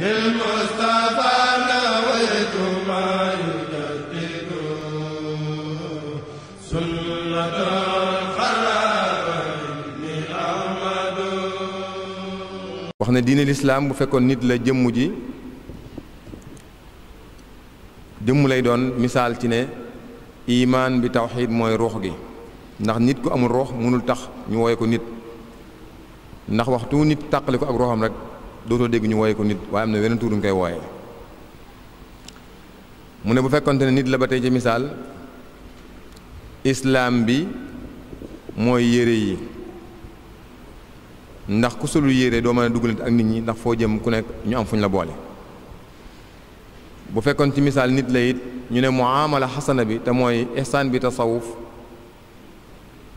wax ne diine lislaam bu fekkoon nit la jëmm ji jëmm lay doon misaal ci ne imaan bi tawxiid mooy ruux gi ndax nit ku amul ruux mënul tax ñu wooye ko nit ndax waxtu nit tàqali ko ak ruuxam rek dootoo dégg ñu wooye ko nit waaye am na weneen tuur ñu koy wooyee mu ne bu fekkonte ne nit la ba tey ci misaal islaam bi mooy yére yi ndax ku solul yére doo mën a duggalante ak nit ñi ndax foo jëm ku nekk ñu am fuñ la boole bu fekkoon ci misaal nit la it ñu ne muamala xasana bi te mooy ihsaan bi tasawuf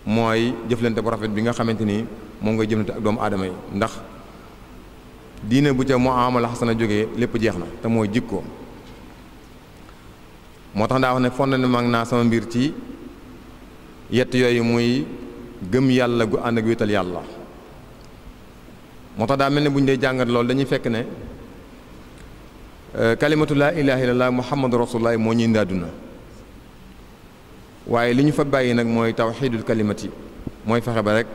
mooy jëflante bu rafet bi nga xamante ni moom ngay jëflante ak doomu aadama yi ndax diine bu ca mu amala xasana jóge lépp jeex na te mooy ko moo tax daa wax ne fond ne mag naa sama mbir ci yett yooyu muy gëm yàlla gu ànd ak wéetal yàlla moo tax daa mel ne bu ñu dee jàngat loolu dañuy fekk ne euh, kalimatu laa ilaaha illallaah muhammadu rasulullaah moo ñuy indi àdduna waaye li ñu fa bàyyi nag mooy tawxiidul kalimati mooy fexe ba rek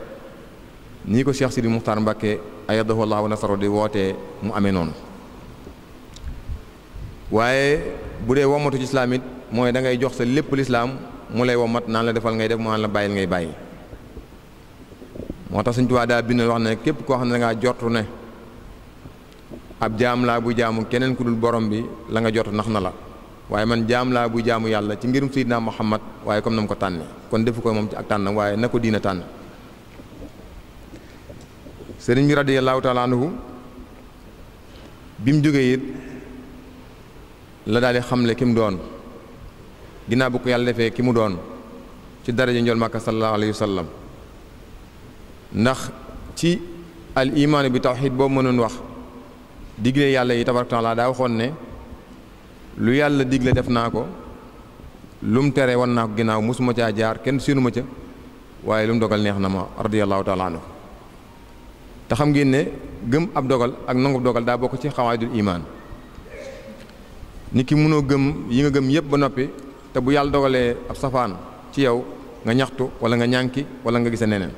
nii ko Cheikh Sidi Muxtaar Mbàkke ayadahu Allahu wa nasaro di wootee mu amee noonu waaye bu dee womatu ci islaam it mooy da ngay jox sa lépp lislaam mu lay womat naa la defal ngay def mu naan la bàyyil ngay bàyyi moo tax Sëñ Tuubaa daa na wax ne képp koo xam ne da ngaa jortu ne ab jaam laa buy jaamu keneen ku dul borom bi la nga jot nax na la waaye man jaam laa buy jaamu yàlla ci ngirum Seydina Muhammad waaye comme na mu ko tànne kon defu ko moom ci ak tànn waaye na ko diina tànn sëriñ bi radiyallahu taala anhu bi mu jógee la daal di xamle ki mu doon ginnaaw bu ko yàlla defee ki mu doon ci daraja njool màkka sallallahu alayhi wa ndax ci al imaanu bi tawxid boobu mënoon wax digle yàlla yi tabaraka taala daa waxoon ne lu yàlla digle def naa ko lu mu tere wan naa ko ginnaaw mosuma caa jaar kenn séenuma ca waaye lu mu dogal neex na ma radiyallahu taala anhu te xam ngeen ne gëm ab dogal ak nangu dogal daa bokk ci xawaadul imaan nit ki mënoo gëm yi nga gëm yëpp ba noppi te bu yàlla dogalee ab safaan ci yow nga ñaxtu wala nga ñànki wala nga gise neneen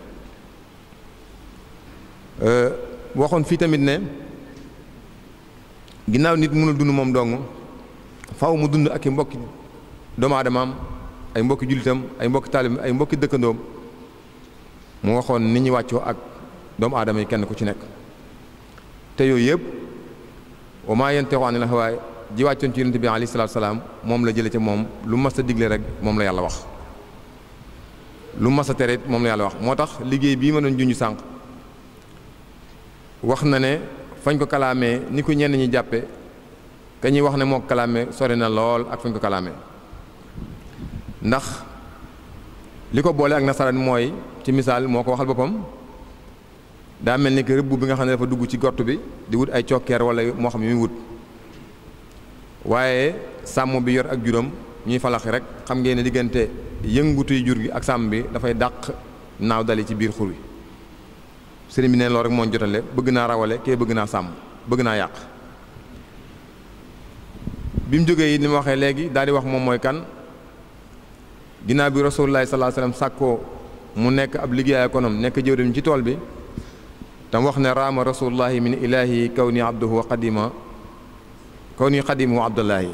euh, waxoon fii tamit ne ginnaaw nit mënul dund moom dong faw mu dund ak i mbokki doomu aadamaam ay mbokki jullitam ay mbokki taalim ay mbokki dëkkandoom mu waxoon ni ñu wàccoo ak doomu aadama yi kenn ku ci nekk te yooyu yëpp wa maa yantiqu anil hawaa ji wàccoon ci yonent bi alayhi salaatu salaam moom la jële ca moom lu mas a digle rek moom la yàlla wax lu mas a tere moom la yàlla wax moo tax liggéey bii ma doon junj sànk wax na ne fañ ko kalaamee ni ko ñenn ñi jàppe ka ñuy wax ne moo kalaamee sori na lool ak fañ ko kalaamee ndax li ko boole ak nasaraan mooy ci misaal moo ko waxal boppam daa mel ni que rëbb bi nga xam ne dafa dugg ci gott bi di wut ay cokkeer wala moo xam yu muy wut waaye sàmm bi yor ak juróom ñuy falaxi rek xam ngeen ne diggante yëngutuy jur gi ak sàmm bi dafay dàq naaw dali ci biir xur wi sëriñ bi neen loolu rek moo jotale bëgg naa rawale kee bëgg naa sàmm bëgg naa yàq bi mu jógee yi ni ma waxee léegi daal di wax moom mooy kan ginnaaw bi rasulullah sallallahu alayhi wasallam sàkkoo mu nekk ab liggéeyu konom nekk jëwriñ ci tool bi tam wax ne raama rasulullahi min ilaahi kaw ni abduhu wa kaw ni qadimu wa abdullahi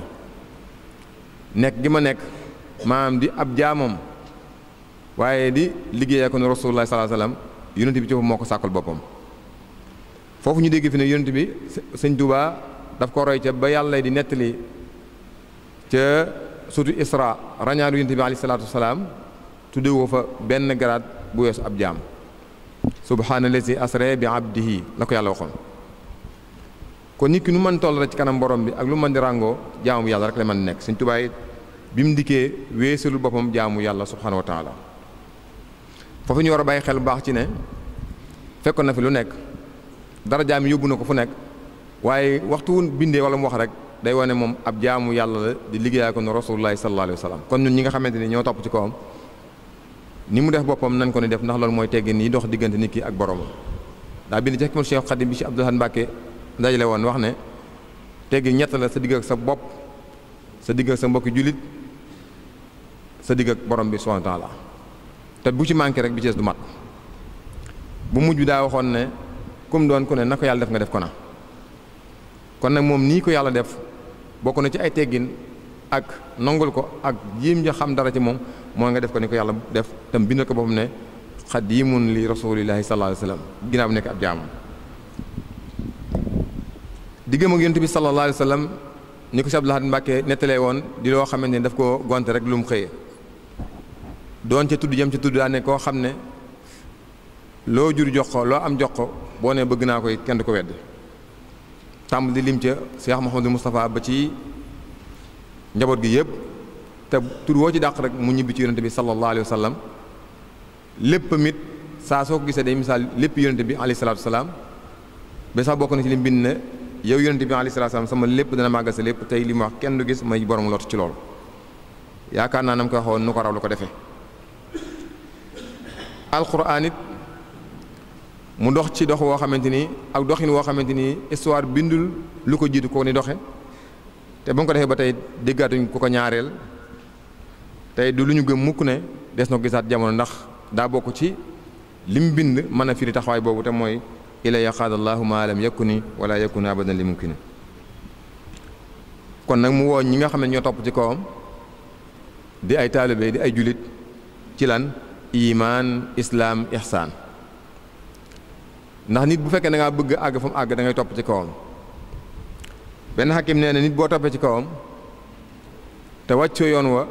nekk gi ma nekk maanaam di ab jaamam waaye di liggéeyee ko ne rasulullahi salaam yonent bi ci moo ko sàkkal boppam foofu ñu dégg fi ne yonent bi sëñ Tuubaa daf ko roy ca ba yàlla di nettali ca surtout Isra rañaar yonent bi alayhi salaatu wasalaam tudde ko fa benn garaat bu weesu ab jaam subhaanallazi asra bi abdihi la ko yàlla waxoon kon nit ki nu man toll rek ci kanam borom bi ak lu mën di ràngoo jaamu bu yàlla rek la mën nekk suñ tubaay bi mu dikkee weesalul boppam jaamu yàlla subhaanahu wa taala foofu ñu war a bàyyi xel bu baax ci ne fekkoon na fi lu nekk dara jaam yóbbu na ko fu nekk waaye waxtu wu bindee wala mu wax rek day wone moom ab jaamu yàlla la di liggéeyaa ko ne rasulullahi sallallahu alayhi wa sallam kon ñun ñi nga xamante ni ñoo topp ci kawam ni mu def boppam nan ko ni def ndax loolu mooy teggin ni dox diggante nit ki ak boromam daa bind ci xikmul Cheikh Xadim bi ci Abdoul Ahad Mbàkke dajale woon wax ne teggin ñett la sa digg ak sa bopp sa digg ak sa mbokki jullit sa digg ak borom bi subhaanahu wa te bu ci manqué rek bi ci des du mat bu mujj daa waxoon ne kum doon ku ne na ko yàlla def nga def ko na kon nag moom nii ko yàlla def bokk na ci ay teggin ak nongul ko ak jéem ja xam dara ci moom moo nga def ko ni ko yàlla def tam bindal ko boppam ne xadimun li rasulillahi sallallahu alayhi wa sallam ginnaaw nekk ab jaamam diggam ak yonent bi sallallahu alayhi wa sallam ni ko si Abdul Ahad Mbàkke nettalee woon di loo xamante ni daf ko gonte rek lu mu xëyee doon ca tudd jëm ca tudd daa ne koo xam ne loo jur jox ko loo am jox ko boo ne bëgg naa koy kenn du ko wedd tàmbali di lim ca Cheikh Mouhamadou Moustapha ba ci njaboot gi yëpp te tur woo ci dàq rek mu ñibbi ci yonente bi sallallahu alayhi wa sallam lépp mit saa soo ko gisee day misaal lépp yonente bi alayhi salaatu salaam ba sax bokk na ci li mbind na yow yonente bi alayhi salaatu salaam sama lépp dana màggal sa lépp tey lii mu wax kenn du gis may borom lot ci loolu yaakaar naa nam ko waxoon nu ko raw la ko defee alquran it mu dox ci dox woo xamante ni ak doxin woo xamante ni histoire bindul lu ko jiitu ko ni doxe te ba nga ko defee ba tey déggaatuñ ku ko ñaareel tey du lu ñu gëm mukk ne des na ko gisaat jamono ndax daa bokk ci lim bind mën a firi taxawaay boobu te mooy ila yaqaadallaahu ma lam yakuni wala yakuni abadan li mumkini kon nag mu woo ñi nga xam ne ñoo topp ci kawam di ay taalibe di ay julit ci lan iman islaam ihsaan ndax nit bu fekkee da ngaa bëgg àgg fa mu àgg da topp ci kawam benn xakim nee nit boo toppee ci kawam te wàccoo yoon wa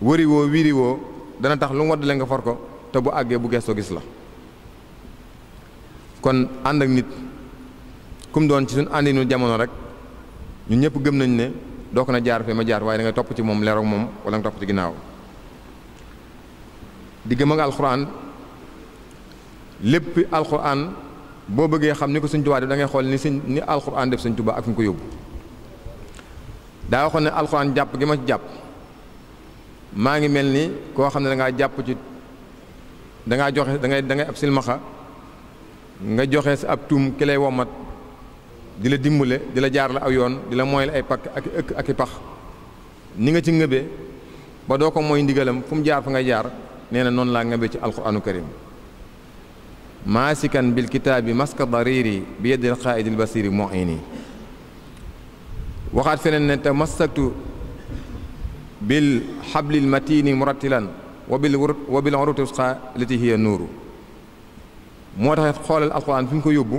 wëriwoo woo dana tax lu mu waddale nga for ko te bu àggee bu gestoo gis la kon ànd ak nit kum doon ci suñ àndinu jamono rek ñun ñëpp gëm nañ ne doo ko na jaar fee ma jaar waaye da nga topp ci moom leeroog moom wala nga topp ci ginnaaw di gëm ak alxuraan lépp alxuraan boo bëggee xam ni ko Sëñ Tuubaa def da xool ni sëñ ni alxuraan def Sëñ Tuubaa ak fu ñu ko yóbbu daa waxoon ne alxuraan jàpp gi ma jàpp maa ngi mel ni koo xam ne da jàpp ci da joxe da ngay da ab silmaxa nga joxe sa ab tuum ki lay womat di la dimbale di la jaar la aw yoon di la mooy la ay pakk ak ëkk ak i pax ni nga ci ngëbee ba doo ko mooy ndigalam fu mu jaar fa nga jaar nee na noonu laa ngëbee ci alquranu karim maasikan bil kitaabi maska dariri bi yeddil xaaidil basiri muini waxaat feneen ne te masaktu bil xablil matini murattilan wa bil wa bil uruti wusqa lati hiya nuuru moo tax xoolal alquran fi ñu ko yóbbu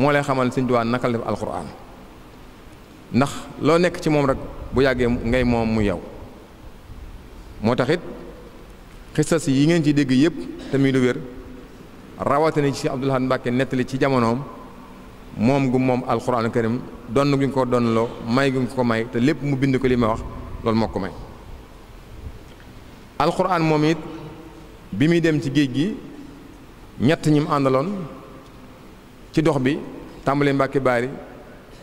moo lay xamal sëñ Tuubaa naka la def alquran ndax loo nekk ci moom rek bu yàggee ngay moom mu yow moo tax it xisas yi ngeen ci dégg yëpp te muy wér rawatina ci Abdul Ahad Mbàkke nettali ci jamonoom moom gu moom alquran karim donn gu ñu ko donnloo may gu ko may te lépp mu bind ko li ma wax loolu moo ko may alxuraan moom it bi muy dem ci géej gi ñett ñim àndaloon ci dox bi tàmbali Mbàkke Baari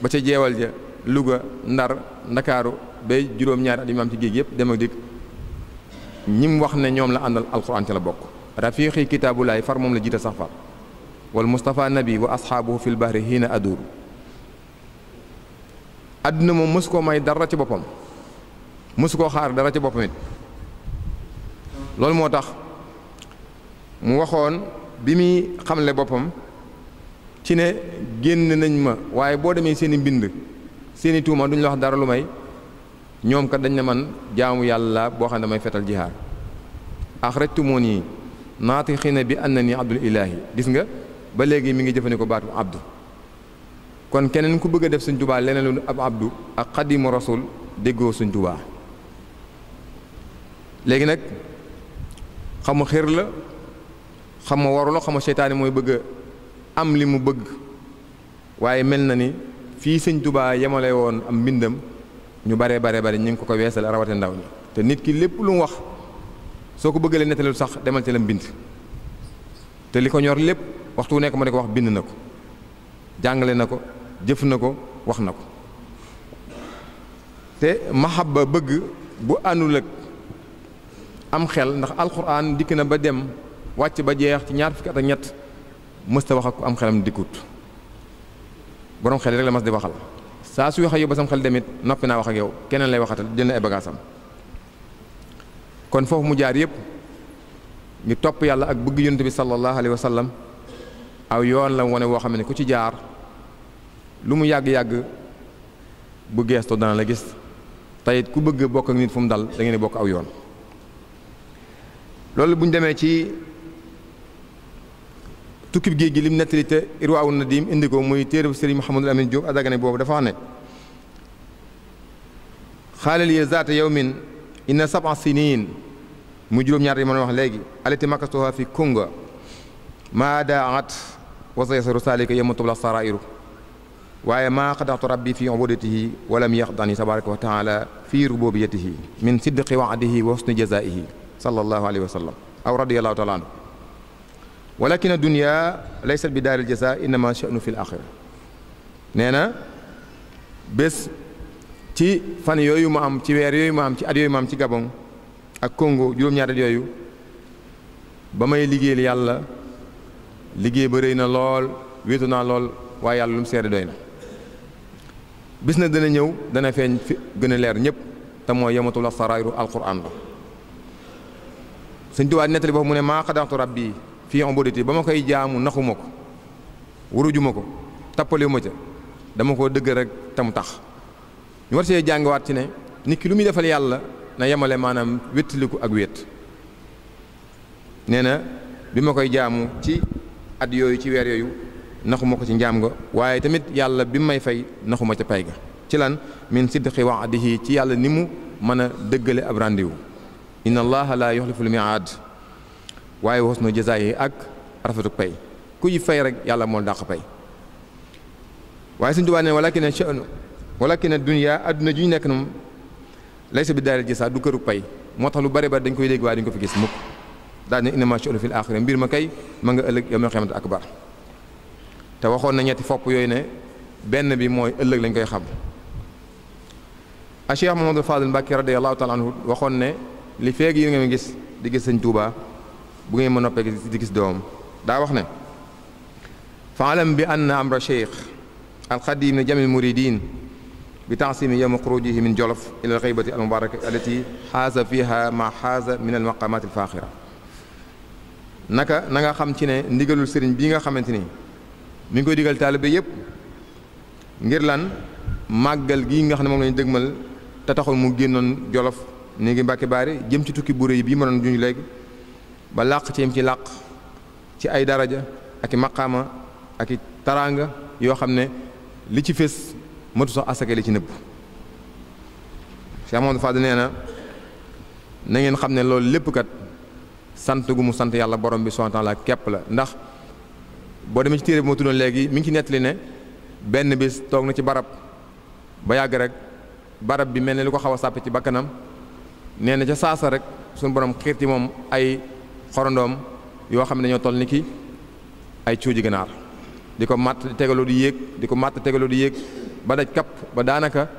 ba ca jeewal ja Louga Ndar Ndakaaru bay juróom-ñaari at ci géej gi yëpp dem dikk ñim wax ne ñoom la àndal alxuraan ca la bokk rafiqi kitaabulaay far moom la jiital sax far wal Mustafa nabi wa asxaabuhu fil bahri hiina aduuru àdduna moom mësu koo may dara ci boppam mësu koo xaar dara ci boppam it loolu moo tax mu waxoon bi muy xamle boppam ci ne génn nañ ma waaye boo demee seeni mbind seeni tuuma duñ la wax dara lu may ñoom kat dañ ne man jaamu yàlla boo xam ne damay fetal jihaar axrajtumuuni naatixiina bi am na annani abdul ilaahi gis nga ba léegi mi ngi jëfandikoo baatu abdu kon keneen ku bëgg a def suñ tubaa leneen lu ab abdu ak xadimu rasul déggoo suñ tubaa léegi nag xamu xér la xama waru la xama seytaane mooy bëgg am li mu bëgg waaye mel na ni fii sëñ Tuubaa yemale woon am mbindam ñu bare bare bare ñu ngi ko ko weesal rawate ndaw ñi te nit ki lépp lu mu wax soo ko bëggalee nettalilu sax demal ci la mbind te li ko ñor lépp waxtu nekk ma ne ko wax bind na ko jàngale na ko jëf na ko wax na ko te mahabba bëgg bu àndul ak am xel ndax alxuraan dikk na ba dem wàcc ba jeex ci ñaar fukki at ak ñett mësta wax ak ku am xelam dikkut borom xel rek la mas di waxal saa su wax ak yow sam xel demit noppi naa wax ak yow keneen lay waxatal jël na ay bagaasam kon foofu mu jaar yépp ngi topp yàlla ak bëgg yonent bi sallallahu alayhi wa sallam aw yoon la wone woo xam ne ku ci jaar lu mu yàgg-yàgg bu geestoo dana la gis tayit ku bëgg bokk ak nit fu mu dal da bokk aw yoon loolu bu ñu demee ci tukkib géej gi lim nettali te Irwaawu Nadim indi ko muy téere Sëriñ Mouhamadul Amin Diop adagane boobu dafa wax ne xaalal yi zaata yawmin inna sab'a sinin mu juróom-ñaar yi mën wax léegi alati makastuha fi kunga maa daat wa sa yasaru saalika yawma tubla sarairu waaye maa xadaxtu rabbi fi ubudatihi walam yaxdani tabaraka wa taala fi rububiyatihi min sidqi waadihi wa husni jazaihi sallallahu alayhi wa sallam aw radiyallahu taala anhu walakin dunya laysat bi daaril jasaa innama sha'nu fil axira nee na bés ci fan yooyu mu am ci weer yooyu mu am ci at yooyu mu am ci Gabon ak Congo juróom-ñaari at yooyu ba may liggéeyal yàlla liggéey ba rëy na lool wéetu naa lool waa yàlla lu mu doy na bis na dana ñëw dana feeñ fi gën a leer ñëpp te mooy yamatul asaraaru alquran la sëñ Tuubaa nettali boobu mu ne maa xadaxtu rabbi fii ubudati ba ma koy jaamu naxuma ko wurujuma ko tappalewuma ca dama koo dëgg rek tam tax ñu war see jàngiwaat ci ne nit ki lu muy defal yàlla na yemale maanaam wéttaliku ak wéet nee na bi ma koy jaamu ci at yooyu ci weer yooyu naxuma ko ci njaam nga waaye tamit yàlla bi may fay naxuma ca pay ga ci lan min sidqi wa'dihi ci yàlla ni mu mën a dëggale ab rendez-vous inna allaha laa yuxliful miaad waaye was na jasaa yi ak rafetuk pay ku yi fay rek yàlla moo dàq pay waaye suñ tubaa ne walakin sha'nu walakin dunya adduna ju ñu nekk na laysa bi daaril jasaa du këruk pay moo tax lu bari bari dañ koy dégg waaye dañ ko fi gis mukk daal ne innama sha'nu fil axira mbir ma kay ma nga ëllëg yawmal qiyaamati akbar te waxoon na ñetti fopp yooyu ne benn bi mooy ëllëg lañ koy xam a cheikh mahamadul fadil mbàkki radiallahu waxoon ne li feeg yi nga ma gis di gis sëñ tuuba bu ngeen ma noppee di gis doom daa wax ne faalam bi anna amra cheikh alxadim ne jamil muridin bi taasimi yowma xurujihi min jolof ila alxaybati almubaraka allati xaasa fiha ma xaasa min almaqamat alfaaxira naka na xam ci ne ndigalul sëriñ bii nga xamante ni mi ngi koy digal taalibe yépp ngir lan màggal gi nga xam ne moom lañu dëgmal te taxul mu génnoon jolof ni ngi Mbàkke Baari jëm ci tukki bu rëy bii ma doon juñ léegi ba làq ci yem ci làq ci ay daraja ak i maqaama ak i taraanga yoo xam ne li ci fés matu sax asaka li ci nëbb Cheikh Amadou Fade nee na na ngeen xam ne loolu lépp kat sant gu mu sant yàlla borom bi subhaanahu wa taala képp la ndax boo demee ci téere bi ma tuddoon léegi mi ngi ci nettali ne benn bis toog na ci barab ba yàgg rek barab bi mel ne lu ko xaw a sàpp ci bakkanam nee na ca saasa rek suñu borom xiirti moom ay xorondoom yoo xam ne dañoo toll ni ki ay cuuji ganaar di ko matt di tegaloo di yéeg di ko màtt tegaloo di yéeg ba daj kapp ba daanaka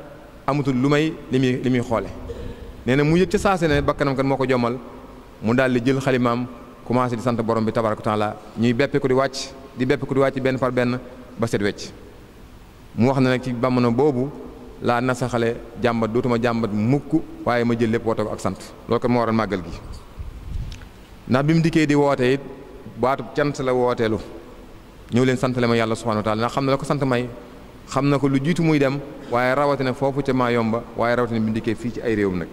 amatul lu may li muy muy xoole nee na mu yëg ca saase ne bakkanam kan moo ko jommal mu daal di jël xalimaam commencé di sant borom bi tabaraka taala ñuy beppe ko di wàcc di beppe ko di wàcc benn par benn ba set wecc mu wax ne nag ci bàmmano boobu laa nasaxale jàmbat dootuma jàmbat mukk waaye ma jël lépp woote ko ak sant loolu kon moo waral màggal gi ndax bi mu dikkee di woote waatu cant la wooteelu ñëw leen santale ma yàlla subhanahu wa taala ndax xam na la ko sant may xam na ko lu jiitu muy dem waaye rawatina foofu ca maa yomba waaye rawatina bi mu dikkee fii ci ay réewum nag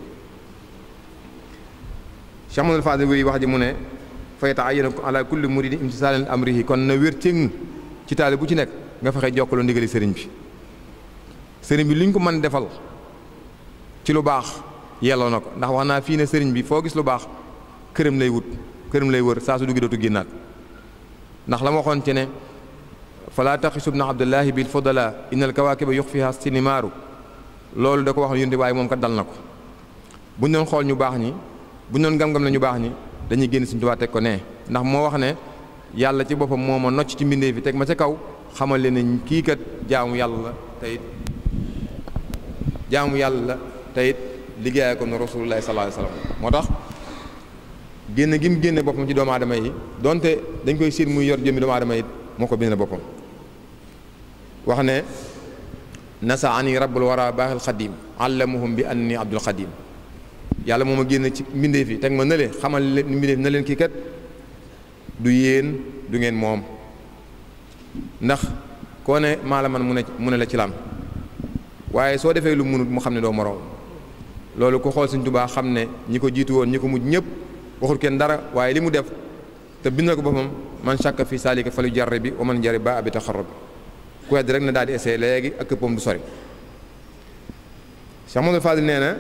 Cheikh Mamadou Fadil wuy wax ji mu ne fayta ayéna ala kulli muridi imtisaalin amrihi kon na wér cëng ci taali bu ci nekk nga fexe jokkaloo ndigali sëriñ bi sëriñ bi lu ñu ko mën defal ci lu baax yelloo na ko ndax wax naa fii ne sëriñ bi foo gis lu baax këram lay wut këram lay wër saa su duggi dootu génnaat ndax la ma waxoon ci ne falaa taxisu bna abdullahi bil fodala innal kawaakiba yux fiha sinimaaru loolu da ko wax yunte waaye moom kat dal na ko bu ñu doon xool ñu baax ñi bu ñu doon gam-gam la ñu baax ñi dañuy génn suñu Tuubaa teg ko nee ndax moo wax ne yàlla ci boppam moo ma nocc ci mbindee fi teg ma ca kaw xamal leen kii kat jaamu yàlla la tey jaamu yàlla teyit liggéeyaay ko na rasulullahi sallallahu alayhi wasallam moo tax génne gi mu génne boppam ci doomu aadama yi donte dañ koy siir muy yor jëmmi doomu aadama yi moo ko bindal boppam wax ne nasa ani rabbul wara baaxil xadim allamuhum bi anni abdul xadim yàlla moom a génn ci mbindee fi teg ma na leen xamal leen mbindee fi na leen kii kat du yéen du ngeen moom ndax koo ne maa la man mu ne mu ne la ci lam waaye soo defee lu munut mu xam ne doo moroom loolu ku xool Sëñ Tuubaa xam ne ñi ko jiitu woon ñi ko mujj ñëpp waxul kenn dara waaye li mu def te bind na ko boppam man shakka fi saalika falu jar bi wa man jari ba abi taxarrub ku wedd rek na daal di essayé léegi ak këppam du sori Cheikh Mamadou Fadil nee na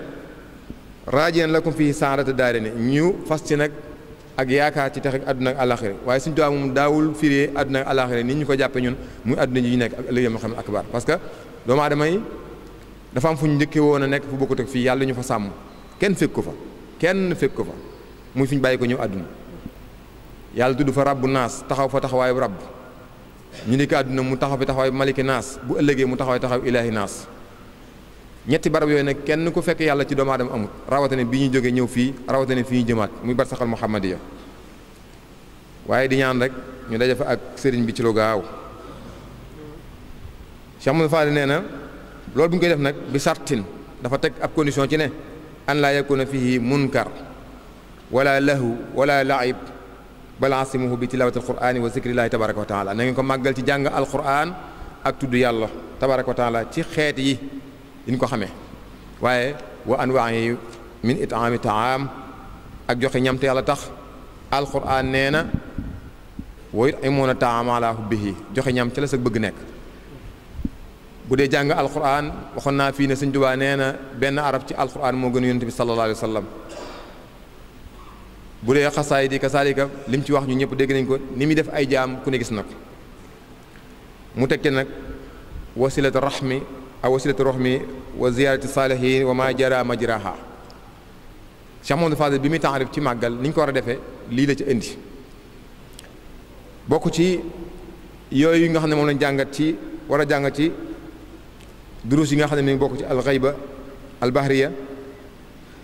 raajeen ko fii saadata daari ne ñu fas ci nag ak yaakaar ci tax ak àdduna ak alaxira waaye Sëñ Tuubaa moom daawul firee àdduna ak alaxira ni ñu ko jàppe ñun muy àdduna ji ñu nekk ak ëllëg yawmal qiyaamatil parce que doomu yi dafa am fu ñu njëkkee woon a nekk fu bokkut ak fii yàlla ñu fa sàmm kenn fekk ko fa kenn fekk ko fa muy fi ñu bàyyi ko ñëw àdduna yàlla tudd fa rabbu naas taxaw fa taxawaayu rabb ñu nekk àdduna mu taxaw fi taxawaayu maliki naas bu ëllëgee mu taxaw taxaw ilaahi naas ñetti barab yooyu nag kenn ku fekk yàlla ci doomu aadama amut rawatina bi ñuy jógee ñëw fii rawatina fi ñu jëmaat muy barsaxal muhammadiya waaye di ñaan rek ñu daje fa ak sëriñ bi ci lu gaaw loolu bu ñu koy def nag bi sartin dafa teg ab condition ci ne an laa yakuna fihi munkar wala lahu wala laib mu asimuhu bi tilawati alqurani wa zicrillahi tabaraka wa taala na ngeen ko màggal ci jàng alquran ak tudd yàlla tabaraka wa taala ci xeet yi diñ ko xamee waaye wa anwaayi min itaami taam ak joxe ñamte yàlla tax alquran nee na wa yutimoona taam ala hubbihi joxe ñam ci la sa bëgg nekk bu dee jàng alquran waxoon naa fii ne sëñ Tuubaa nee na benn arab ci alquran moo gën yonent bi sallallahu alayhi wa bu dee xasaay di kasaalika lim ci wax ñu ñëpp dégg nañ ko ni muy def ay jaam ku ne gis na ko mu tekke nag wasilatu rahmi aw wasilatu rahmi wa ziyaarati saalihiin wa ma jara majraha Cheikh Mamadou Fadel bi muy taarif ci màggal niñ ko war a defee lii la ci indi bokk ci yooyu nga xam ne moom lañ jàngat ci war a jàngat ci duruus yi nga xam ne mi bokk ci alxayba albahriya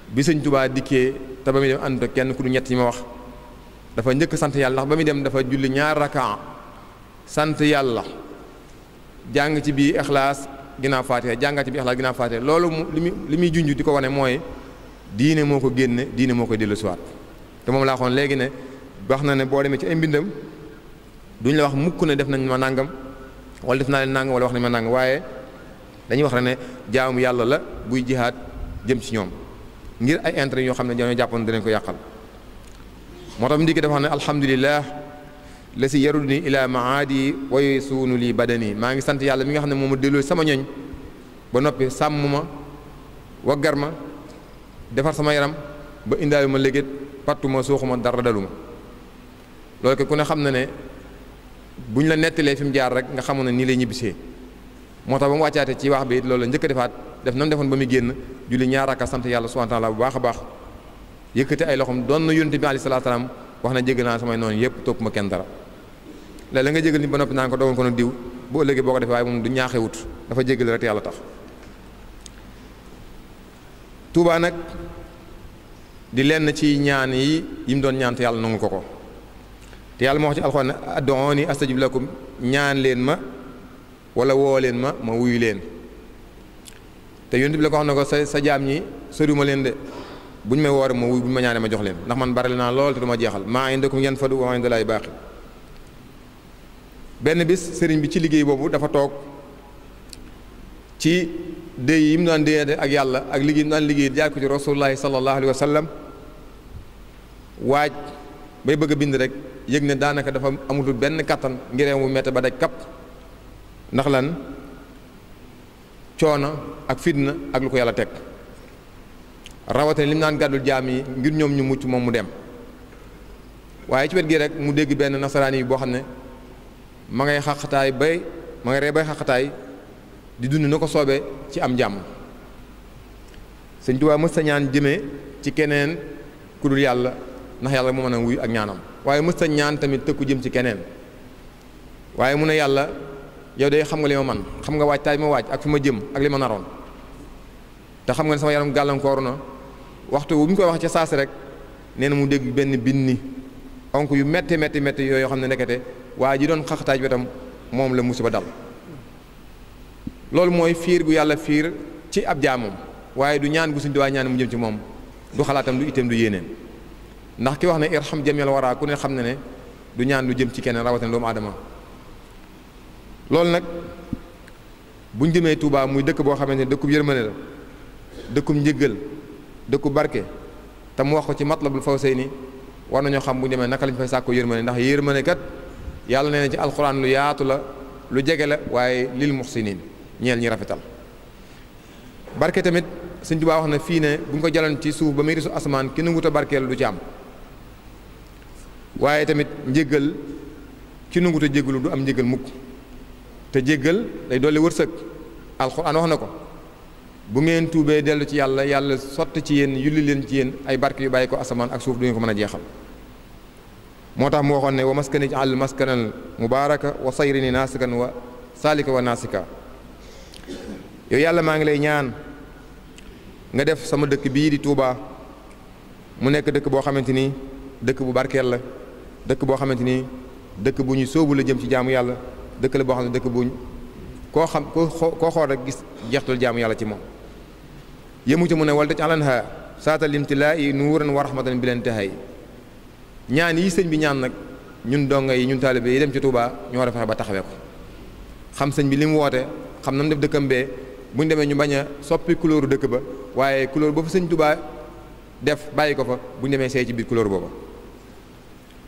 bi sëñ tubaa dikkee te ba muy dem ànd kenn ku du ñett yi ma wax dafa njëkk sant yàlla ndax ba muy dem dafa julli ñaar rakaa sant yàlla jàng ci bii ixlaas ginnaaw faatiha jàngaat ci bii ixlaas ginnaaw faatiha loolu li muy junj di ko wane mooy diine moo ko génne diine moo koy dellu siwaat te moom laa xoon léegi ne wax na ne boo demee ci ay mbindam duñ la wax mukk ne def nañ ma nangam wala def naa leen nangam wala ma nangam dañuy wax na ne jaamu yàlla la buy jihaad jëm ci ñoom ngir ay intérêt yoo xam ne dañoo jàppoon dinañ ko yàqal moo tax mu ndikki dafa wax ne alhamdulillah la si yaru ni ilaa maadi wayu suunu lii badani maa ngi sant yàlla mi nga xam ne moom ma delloo sama ñoñ ba noppi sàmm ma waggar ma defar sama yaram ba indaalu ma léegi pattuma suuxuma dara daluma loolu ko ku ne xam na ne buñ la nettalee fi mu jaar rek nga xamoon ne nii lay ñibbisee moo tax ba mu wàccaatee ci wax bi loolu la njëkk a defaat def na mu defoon ba muy génn julli ñaar rakka sant yàlla soo wa bu baax a baax yëkkati ay loxoom doon na yónent bi alayhi salaatu salaam wax na jégal naa samay noonu yëpp topp ma kenn dara léeg la nga jégal ni ba noppi naan ko dogal ko nag diw bu ëllëgee boo ko defee waaye moom du ñaaxewut dafa jégal rek yàlla tax Tuubaa nag di lenn ci ñaan yi yi mu doon ñaan te yàlla nangu ko ko te yàlla moo wax ci alxuraan ne wala woo leen ma ma wuy leen te yonent bi la ko wax ne ko sa sa jaam ñi ma leen de bu ñu may woore ma wuyu bu ñu ma ñaane ma jox leen ndax man baral naa lool te du ma jeexal maa indakum yanfadu wa maa inda Llaahi baaqi benn bis sëriñ bi ci liggéey boobu dafa toog ci déy yi mu daan déyante ak yàlla ak liggéey mu liggéey jaar ko ci rasulullahi sallallahu alayhi wa sallam waaj bay bëgg bind rek yëg ne daanaka dafa amatul benn kàttan ngir mu métti ba daj kapp ndax lan coono ak fitna ak lu ko yàlla teg rawatina li mu naan gàddul jaam yi ngir ñoom ñu mucc moom mu dem waaye ci wet gi rek mu dégg benn nasaraan yi boo xam ne ma ngay xaqataay bay ma ngay ree bay xaqataay di dund na ko soobee ci am jàmm sëñ Tuubaa mës ta ñaan jëmee ci keneen ku dul yàlla ndax yàlla moo mën a wuyu ak ñaanam waaye mës ta ñaan tamit tëkku jëm ci keneen waaye mu ne yàlla yow de xam nga li man xam nga waaj taay waaj ak fi ma jëm ak li ma naroon te xam nga ne sama yaram gàllankooru na waxtu bu ñu koy wax ca saasi rek nee na mu dégg benn ni onk yu metti metti metti yooyu xam ne nekkete waa ji doon xaxataaj betam moom la musiba dal loolu mooy fiir gu yàlla fiir ci ab jaamam waaye du ñaan gu suñ duwaa mu jëm ci moom du xalaatam du itam du yéeneem ndax ki wax ne irham jamil waraa ku ne xam ne ne du ñaan lu jëm ci keneen rawatina doomu aadama loolu nag bu ñu demee muy dëkk boo xamante ne dëkkub yërmane la dëkkub njëggal dëkkub barke te mu wax ko ci matlabul ni war nañoo xam bu ñu demee naka lañ fay sàkku yërmane ndax yërmane kat yàlla nee na ci alxuraan lu yaatu la lu jege la waaye lil muxsinin ñeel ñi rafetal barke tamit Sëñ Tuubaa wax na fii ne bu ñu ko jaloon ci suuf ba muy risu asamaan ki nangut a barkeel du ci am waaye tamit njëggal ki nangut a jéggalu du am njëggal mukk te jéggal day dolli wërsëg alxuraan wax na ko bu ngeen tuubee dellu ci yàlla yàlla sotti ci yéen yulli leen ci yéen ay barke yu bàyyi ko asamaan ak suuf du ko mën a jeexal moo tax mu waxoon ne wa maskani al maskanal mubaaraka wa sayrini naasikan wa saalika wa naasika yow yàlla maa ngi lay ñaan nga def sama dëkk bii di tuubaa mu nekk dëkk boo xamante ni dëkk bu barkeel la dëkk boo xamante ni dëkk bu ñu sóobu la jëm ci jaamu yàlla dëkk la boo xam ne dëkk buñ koo xam koo xool ak gis jeextul jaamu yàlla ci moom yëmu ci mun ne wala daj alan ha saata limtilaa yi nuuran wa rahmatan bi leen taxay ñaan yi sëñ bi ñaan nag ñun donga yi ñun taalibe yi dem ci Touba ñoo war a ba taxawee ko xam sëñ bi li mu woote xam na mu def dëkkam bee bu ñu demee ñu bañ a soppi couleur dëkk ba waaye couleur ba fa sëñ Touba def bàyyi ko fa bu ñu demee seey ci biir couleur booba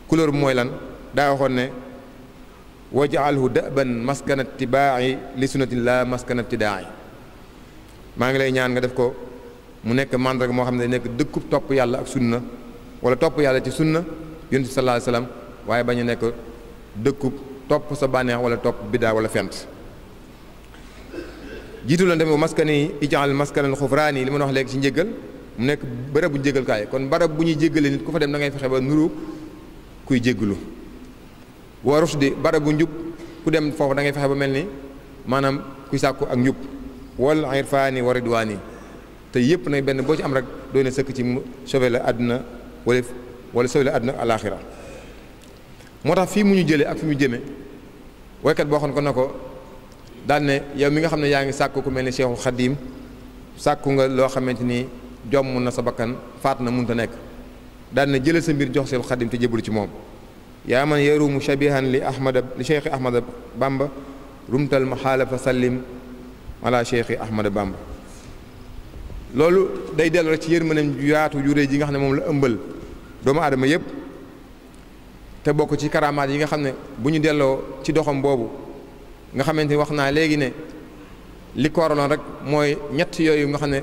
couleur bu waj'alhu da'ban maskana ittibaa'i li sunnatillah maskana ibtidaa'i maa ngi lay ñaan nga def ko mu nekk màndarga moo xam ne nekk dëkkub topp yàlla ak sunna wala topp yàlla ci sunna yonent bi sallallahu alayhi waaye bañ a nekk dëkkub topp sa bànneex wala topp biddaa walla fent jiitu la tamit maskani ij'al maskanal xufraani li ma wax léegi ci njëggal mu nekk barab bu njëggal kaay kon barab bu ñuy jéggale nit ku fa dem da ngay fexe ba nuru kuy jéggalu wa di barab bu njub ku dem foofu da fexe ba mel ni maanaam kuy sàkku ak njub wal irfaani wa ridwaani te yëpp nag benn boo ci am rek doy na sëkk ci mu sauvé la àdduna wala wala sauvé la àdduna ak alaaxira moo tax fii mu ñu jëlee ak fi mu jëmee waykat boo xam ko na ko daal ne yow mi nga xam ne yaa ngi sàkku ko mel ni Cheikhul Xadim sàkku nga loo xamante ni jomm na sa bakkan faat na mun a nekk daal ne jëlee sa mbir jox Cheikhul Xadim te jébbalu ci moom. yaa man yarumu shabihan li ahmada li cheikhi ahmada bamba rumtal maxaala fa sallim ala cheikhi ahmada bamba loolu day dellu rek ci yërmandeem ju yaatu juré ji nga xam ne moom la ëmbal doomu aadama yépp te bokk ci karamaat yi nga xam ne bu ñu delloo ci doxam boobu nga xamante ni wax naa léegi ne li ko rek mooy ñett yooyu nga xam ne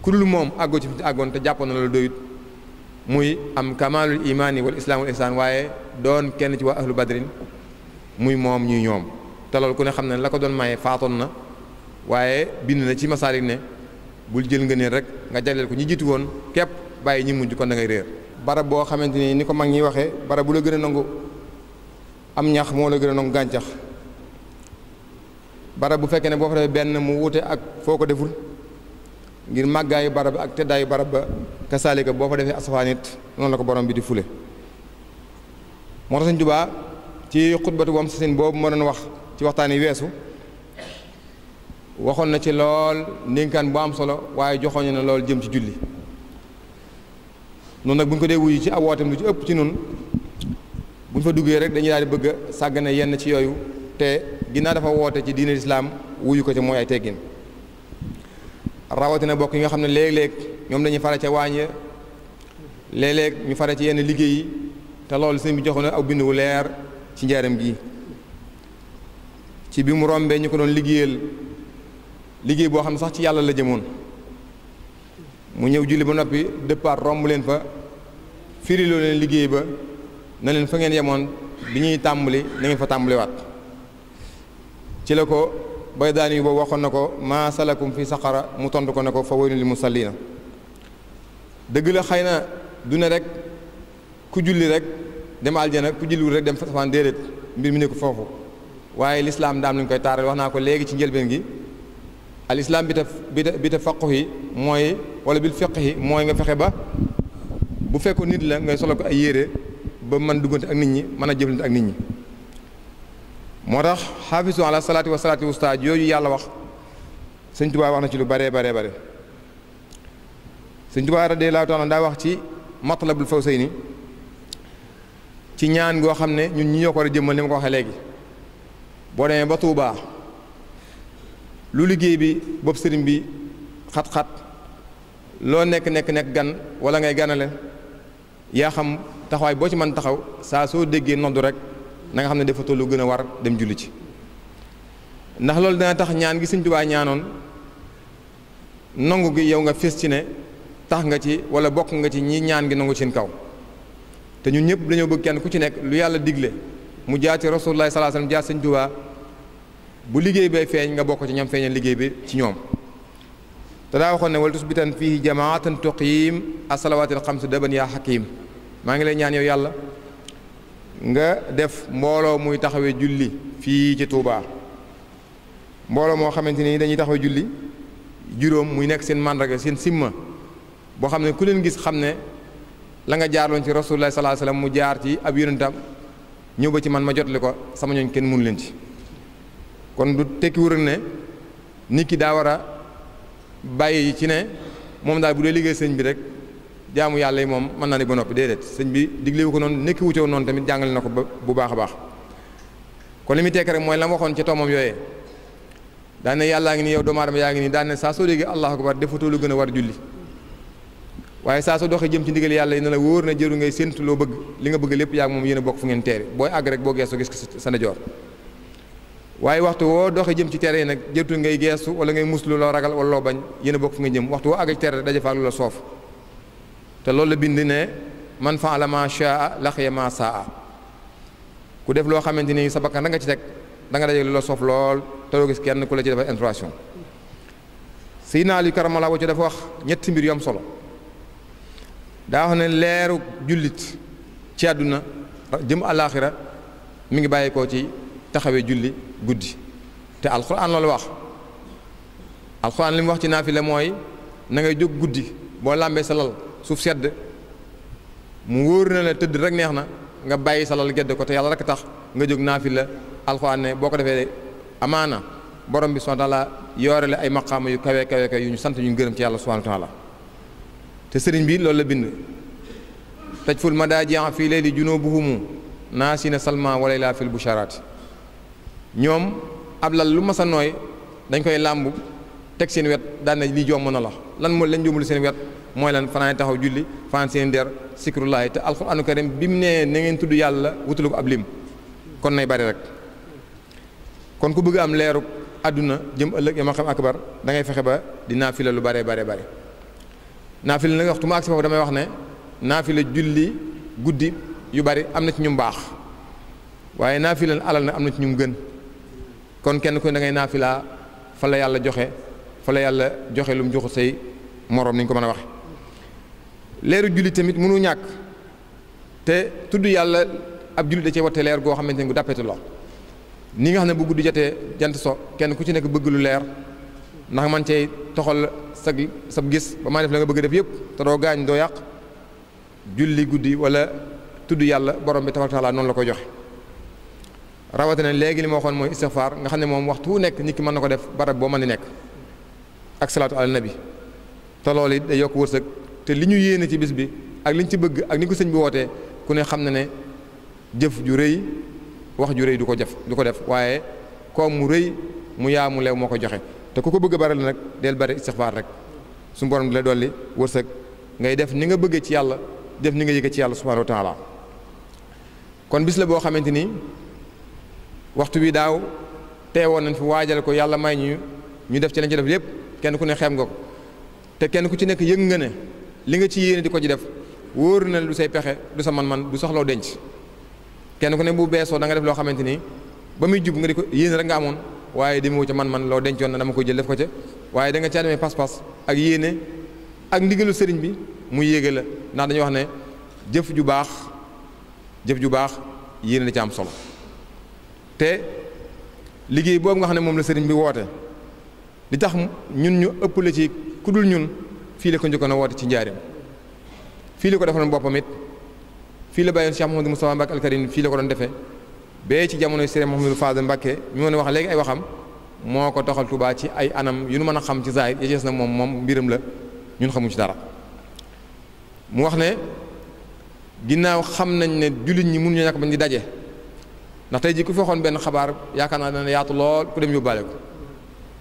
ku dul moom àggoo ci fi àggoon te jàppoon na la muy am kamalul imaani wal islaam wal waaye doon kenn ci wax ahlu badrin muy moom ñuy ñoom te loolu ku ne xam ne la ko doon maye faatoon na waaye bind na ci masaalik ne bul jël nga ne rek nga jagleel ko ñi jiitu woon képp bàyyi ñi mujj kon da ngay réer barab boo xamante ni ni ko mag ñi waxee barab bu la gën a nangu am ñax moo la gën a nangu gàncax barab bu fekkee ne boo fa defee benn mu wute ak foo ko deful ngir màggaayu barab ak teddaayu barab ba kasaalika boo fa defee asafaan it noonu la ko borom bi di fule moo tax Sëñ Tuubaa ci xutbatu wam sasin boobu ma doon wax ci waxtaan yi weesu waxoon na ci lool ndénkaan bu am solo waaye joxoñu na lool jëm ci julli noonu nag bu ñu ko dee wuyu ci ab wootem lu ci ëpp ci nun bu ñu fa duggee rek dañuy daal di bëgg a sàggane yenn ci yooyu te ginnaaw dafa woote ci diine lislaam wuyu ko ci mooy ay teggin rawatina bokk yi nga xam ne léeg-léeg ñoom dañuy fare ca waañ ya léeg-léeg ñu fare ci yenn liggéey yi te loolu si bi joxoon na aw bind wu leer ci njaaram gi ci bi mu rombee ñu ko doon liggéeyal liggéey boo xam ne sax ci yàlla la jëmoon mu ñëw julli ba noppi départ romb leen fa firiloo leen liggéey ba na leen fa ngeen yemoon bi ñuy tàmbali na fa tàmbaliwaat ci la ko bay daan yi boobu waxoon na ko maa salakum fi saqara mu tontu ko ne ko fa waylun mu musalliina dëgg la xëy na dune rek ku julli rek dem aljana ku julliwul rek dem safaan déedéet mbir mi nekk foofu waaye lislaam daam lu ñu koy taaral wax naa ko léegi ci njëlbeen gi al islaam bi ta bi ta bi ta faquhi mooy wala bil fiqhi mooy nga fexe ba bu fekkoon nit la ngay solo ko ay yére ba mën duggante ak nit ñi mën a jëflante ak nit ñi moo tax xaafisu ala salaati wa salaati wusta yooyu yàlla wax sëñ tubaa wax na ci lu baree baree bare sëñ tubaa radiyallaahu taala daa wax ci matlabul ni ci ñaan goo xam ne ñun ñi ñoo ko jëmmal ni ma ko waxee léegi boo demee ba tuubaa lu liggéey bi bopp sëriñ bi xat-xat loo nekk nekk nekk gan wala ngay ganale yaa xam taxawaay boo ci mën taxaw saa soo déggee noddu rek nanga xam ne defatoo lu gën a war dem julli ci ndax loolu dana tax ñaan gi Sëñ Tuubaa ñaanoon nangu gi yow nga fés ci ne tax nga ci wala bokk nga ci ñi ñaan gi nangu seen kaw te ñun ñëpp dañoo bëgg kenn ku ci nekk lu yàlla digle mu jaar ci Rasulullah sallallahu alayhi wasallam jaar Sëñ Tuubaa bu liggéey bay feeñ nga bokk ci ñam feeñal liggéey bi ci ñoom te daa waxoon ne wala tusbitan fii jamaatan tuqiim asalawaati alxamsi daban yaa xakiim maa ngi lay ñaan yow yàlla nga def mbooloo muy taxawee julli fii ci Touba mbooloo moo xamante ni dañuy taxawee julli juróom muy nekk seen màndarga seen simma boo xam ne ku leen gis xam ne la nga jaarloon ci rasulullah sallallahu alayhi mu jaar ci ab yonentam ñëw ba ci man ma jotali ko sama ñooñ kenn munu leen ci kon du tekki wër nit ki daa war a bàyyi ci ne moom daal bu dee liggéey sëñ bi rek jaamu yàlla yi moom mën na ne ba noppi déedéet sëñ bi diglewu ko noonu nekki wutewu noonu tamit jàngale na ko ba bu baax a baax kon li mu tekk rek mooy la waxoon ca toomam yooyee daan ne yàllaa ngi nii yow doomu aadama yaa ngi nii daan ne saa soo déggee allahu akbar defatoo lu gën a war julli waaye saa soo doxee jëm ci ndigal yàlla yi na la wóor na jëru ngay séntu loo bëgg li nga bëgg lépp yaa moom yéen a bokk fu ngeen teere booy àgg rek boo geestu gis ko sa ndijoor waaye waxtu woo doxee jëm ci tere yi nag jërtu ngay geestu ngay muslu loo ragal wala bañ yéen bokk fu ngeen jëm waxtu woo àgg ci tere la soof te loolu la bind ne man faala ma shaa laqiya ma saa ku def loo xamante ni sa bakkan da nga ci teg danga nga daje lu soof lool te doo gis kenn ku la ci si naa Seydina Ali karamallahu ci dafa wax ñetti mbir yu solo daa wax ne leeru jullit ci àdduna jëm àllaaxira mu ngi bàyyi ko ci taxawee julli guddi te alxuraan loolu wax alxuraan li mu wax ci naafila mooy na ngay jóg guddi boo làmbee sa lal suuf sedd mu wóor na la tëdd rek neex na nga bàyyi sa lal gedd ko te yàlla rek tax nga jóg fi la alxuraan boo ko defee amaana borom bi subhaanahu wa taala yoore la ay maqaama yu kawe kawe kawe yu ñu sant ñu gërëm ci yàlla subhaanahu wa taala te sëriñ bi loolu la bind taj ful madaaji'a fii layli junubuhum naasina salma wa layla fil busharaat ñoom ab lal lu mas a nooy dañ koy làmb teg seen wet daan na lii jomb na la lan mooy lañ jombul seen wet mooy lan fanaan taxaw julli fanaan seen der sikrullaahi te alxuraanu karim bi mu nee na ngeen tudd yàlla wutalu ko ab lim kon nay bari rek kon ku bugg am leeru àdduna jëm ëllëg yama xam akbar da dangay fexe ba di naafila lu baree bare bare naafila nag waxtu ma agsi foofu damay wax ne naafila julli guddi yu bari am na ci ñu mu baax waaye naafila alal nag am na ci ñu gën kon kenn ku da ngay naafilaa fa la yàlla joxe fa la yàlla joxe lu mu joxu moroom ni ko mën a waxe leeru julli tamit mënu ñàkk te tudd yàlla ab julli da cee watte leer goo xamante ne gu dàppetu la ni nga xam ne bu guddi jotee jant so kenn ku ci nekk bëgg lu leer ndax man cey toxal sa sab gis ba maa def la nga bëgg def yëpp te doo gaañ doo yàq julli guddi wala tudd yàlla borom bi tabaraka taala noonu la ko joxe rawate rawatina léegi li ma waxoon mooy istixfaar nga xam ne moom waxtu nekk nit ki mën na ko def barab boo mën di nekk ak salaatu ala te loolu it day yokk te li ñu yéene ci bis bi ak liñ ci bëgg ak ni ko sëñ bu wootee ku ne xam na ne jëf ju rëy wax ju rëy du ko jëf du ko def waaye koom mu rëy mu yaa mu lew moo ko joxe te ku ko bëgg a baral nag del bari istixfaar rek suñu borom di la dolli wërsëg ngay def ni nga bëggee ci yàlla def ni nga yëgee ci yàlla subhaanahu wa taala kon bis la boo xamante ni waxtu wi daaw teewoon nañ fi waajale ko yàlla may ñu ñu def ci lañ ci def yépp kenn ku ne xeem nga ko te kenn ku ci nekk yëg nga ne li nga ci yéene di ko ci def wóor na lu say pexe du sa man-man du soxlaw denc kenn ku ne bu beesoo da nga def loo xamante ni ba muy jub nga di ko yéene rek nga amoon waaye demewu ca man-man loo dencoon na dama ko jël def ko ca waaye danga nga caa demee pas-pas ak yéene ak ndigalu sëriñ bi mu yéege la ndax dañuy wax ne jëf ju baax jëf ju baax yéene da ca am solo te liggéey boobu nga xam ne moom la sëriñ bi woote li tax ñun ñu ëpp la ci ku dul ñun. fii la ko njëkkoon a woote ci njaareem fii la ko defaloon boppamit fii la bàyyoon Cheikh Mouhamadou Moustapha Mbacke alkarim fii la ko doon defee bee ci jamonoy Serigne Mouhamadou Fadel Mbacke mi mën ay waxam moo ko toxal Touba ci ay anam yu nu mën a xam ci zaahir yegees na moom moom mbiram la ñun xamuñ ci dara mu wax ne ginnaaw xam nañ ne jullit ñi mënuñu ñàkk bañ di daje ndax tey jii ku fi benn xabaar yaakaar naa dana yaatu lool ku dem yóbbaale ko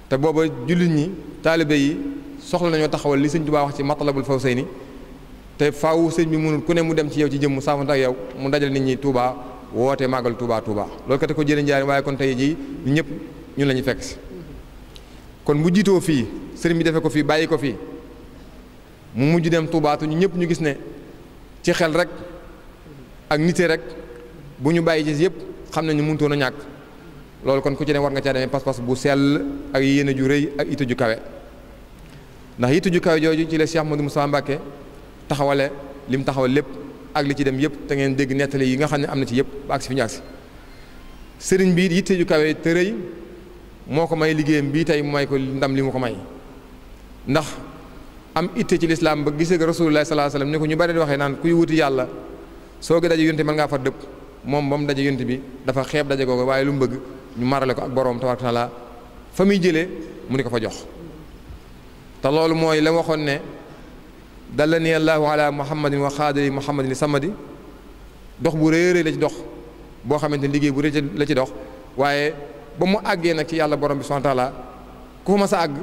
te booba jullit ñi taalibe yi soxla nañoo taxawal li sëñ Tuubaa wax ci matlabul ni te faw sëñ bi mënul ku ne mu dem ci yow ci jëmm saafante ak yow mu dajal nit ñi Touba woote màggal Touba Touba loolu kat ko jëriñ jaay waaye kon tey jii ñëpp ñun la ñu fekk si kon mu jiitoo fii sëriñ bi defee ko fii bàyyi ko fii mu mujj dem Touba te ñu ñëpp ñu gis ne ci xel rek ak nite rek bu ñu bàyyi ci yëpp xam nañu mënutoon a ñàkk loolu kon ku ci ne war nga caa demee pas bu sell ak yéene ju rëy ak ite ju kawe. ndax yitu ju kawe jooju ci la Cheikh Modou Moussa Mbacké taxawale li mu taxawal lépp ak li ci dem yëpp te ngeen dégg nettali yi nga xam ne am na ci yëpp ba agsi fi ñu agsi sëriñ bi yitte ju kawe te moo ko may liggéeyam bii tey mu may ko ndam li mu ko may ndax am itte ci lislaam ba gisee rasulullah sallallahu alayhi wasallam ni ko ñu bari di waxee naan kuy wuti yàlla soo gi daje yonte mën ngaa far dëpp moom ba daje yonte bi dafa xeeb daje ko waaye lu mu bëgg ñu marale ko ak boroom tabaaraka taala fa muy jëlee mu ni ko fa jox te loolu mooy la waxoon ne dalla ni allahu ala muhammadin wa xaadiri muhammadin li samadi dox bu réeréy la ci dox boo xamante ni liggéey bu rëy la ci dox waaye ba mu àggee nag ci yàlla borom bi subhaanahu wa taala ku fa mas àgg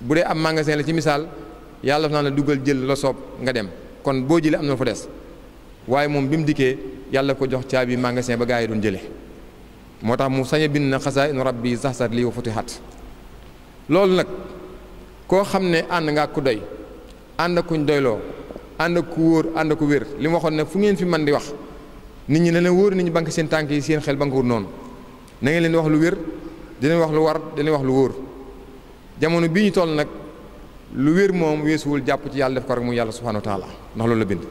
bu dee am magasin la ci misaal yàlla daf naa la dugal jël la soob nga dem kon boo jëlee am na fa des waaye moom bi mu dikkee yàlla ko jox caabi magasin ba gaa yi doon jële moo tax mu sañ bind na xasaa inu rabbi sax sax lii wa futihat koo xam ne ànd nga ku doy ànd kuñ doyloo ànd ku wóor ànd ku wér li waxoon ne fu ngeen fi man di wax nit ñi ne leen nañu banque seen tànk yi seen xel banquewul noonu na ngeen leen wax lu wér dana wax lu war di wax lu wóor jamono bii ñu toll nag lu wér moom weesuwul jàpp ci yàlla def ko rek mu yàlla subhanahu wa taala ndax loolu la bind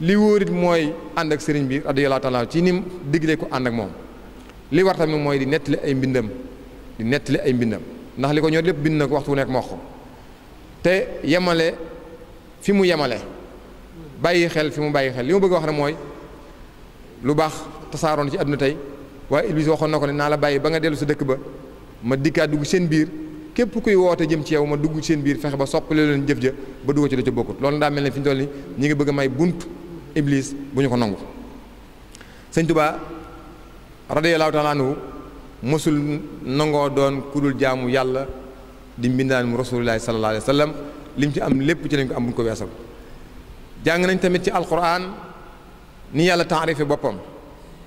li wóorit mooy ànd ak sëriñ bi radiyallahu taala ci nim digle ko ànd ak moom li war tamit mooy di nettali ay mbindam di nettali ay mbindam ndax li ko ñoo lépp bind na ko waxtu wu nekk moo ko te yemale fi mu yemale bàyyi xel fi mu bàyyi xel li ma bëgg wax ne mooy lu baax tasaaroon ci àdduna tey waaye Iblis waxoon na ko ne naa la bàyyi ba nga dellu sa dëkk ba ma dikkaat dugg seen biir képp kuy woote jëm ci yow ma dugg seen biir fexe ba soppale leen jëf ja ba dugg ci la ca loolu daa mel ne fi ñu toll ni ñu ngi bëgg a may bunt ibliis bu ñu ko nangu sëñ Tuubaa radiyallaahu taala anhu mësul nangoo doon ku dul jaamu yàlla di mbindaan mu rasulillahi sallallahu alayhi wa sallam ci am lépp ci lañ ko am buñ ko weesal jàng nañ tamit ci alquran ni yàlla taarife boppam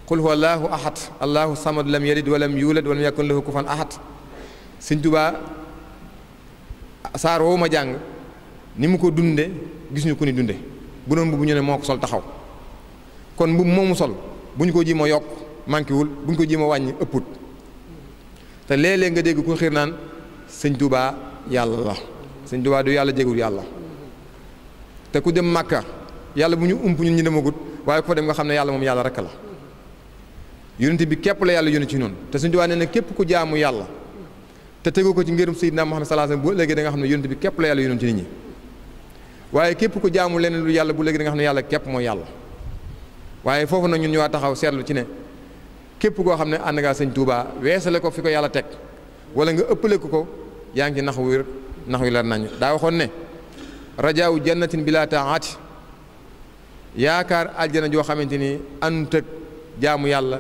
qul huwa allahu ahad allahu samad lam yalid walam yulad la ko lahu kufan ahad sëñ tubaa saar woowu ma jàng ni mu ko dunde gis ñu ku ni dunde bu doon mbubb ñu ne moo ko sol taxaw kon mbubb moomu sol bu ñu ko ji ma yokk manqué wul bu ñu ko ji ma wàññi te léeg-léeg nga dégg ku xiir naan sëñ Tuubaa yàlla la sëñ Tuubaa du yàlla jégul yàlla te ku dem màkka yàlla bu ñu ump ñun ñu demagut waaye ku fa dem nga xam ne yàlla moom yàlla rek la yonent bi képp la yàlla yónni ci noonu te sëñ Tuubaa nee na képp ku jaamu yàlla te tegu ko ci ngërëm Seydina Muhammad sallallahu alayhi wasallam bu ëllëgee da nga xam ne yonent bi képp la yàlla yónni ci nit ñi waaye képp ku jaamu leneen lu yàlla bu léegi danga xam ne yàlla képp mooy yàlla waaye foofu nag ñun ñoo taxaw seetlu ci ne képp koo xam ne ànd ngaa sëñ Touba weesale ko fi ko yàlla teg wala nga ëppale ko ko yaa ngi ci nax wu wi la nañ daa waxoon ne rajaawu jannatin bila taati yaakaar aljana joo xamante ni àndut ak jaamu yàlla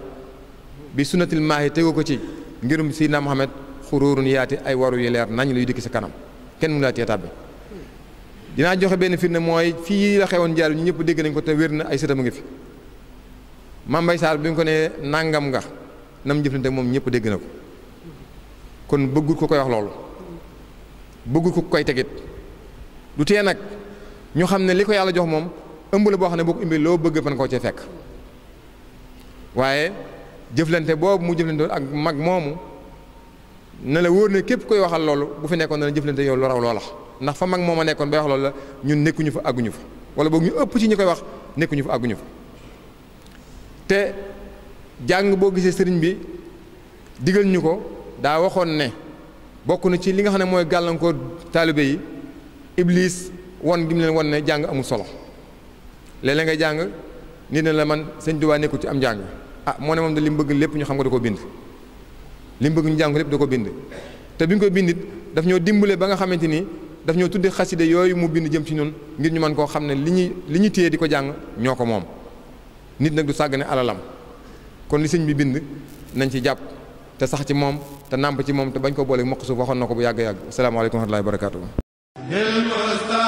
bi sunnatil maahi tegu ko ci ngirum Seydina Muhammad xuróorun yaati ay waru yu leer nañ li luy dikk sa kanam kenn mënu laa tee tàbbi dinaa joxe benn firnde mooy fii la xewoon jaar ñu ñëpp dégg nañ ko te wér na ay sëtam a ngi fi Mame Mbaye Sarr bi mu ko nee nangam nga nam jëflante moom ñëpp dégg na ko kon bëggul ko koy wax loolu bëggul ko koy tegit du tee nag ñu xam ne li ko yàlla jox moom ëmb la boo xam ne boo ko imbee loo bëgg koo cee fekk waaye jëflante boobu mu jëflante ak mag moomu ne la wóor ne képp koy waxal loolu bu fi nekkoon dana jëflante yow lu raw loola ndax fa mag moom a nekkoon bay wax loolu la ñun nekkuñu fa àgguñu fa wala boog ñu ëpp ci ñu koy wax nekkuñu fa àgguñu fa te jàng boo gisee sëriñ bi digal ñu ko daa waxoon ne bokk na ci li nga xam ne mooy gàllankoor taalibe yi iblis won gi mu leen won ne jàng amul solo léeg-léeg nga jàng nit ne la man sëñ Tuubaa nekkul ci am jàng ah moo ne moom da li mbëgg lépp ñu xam nga di ko bind li mbëgg bëgg ñu jàng ko lépp da ko bind te bi koy bindit daf ñoo dimbale ba nga xamante ni daf ñoo tudde xaside yooyu mu bind jëm ci ñun ngir ñu mën koo xam ne li ñuy li ñu téye di ko jàng ñoo ko moom nit nag du sàggane alalam kon li sëñ bi bind nañ ci jàpp te sax ci moom te nàmp ci moom te bañ ko boole mokk suuf waxoon na ko bu yàgg-yàgg asalaamaaleykum wa rahmatullaahi wa barakaatuh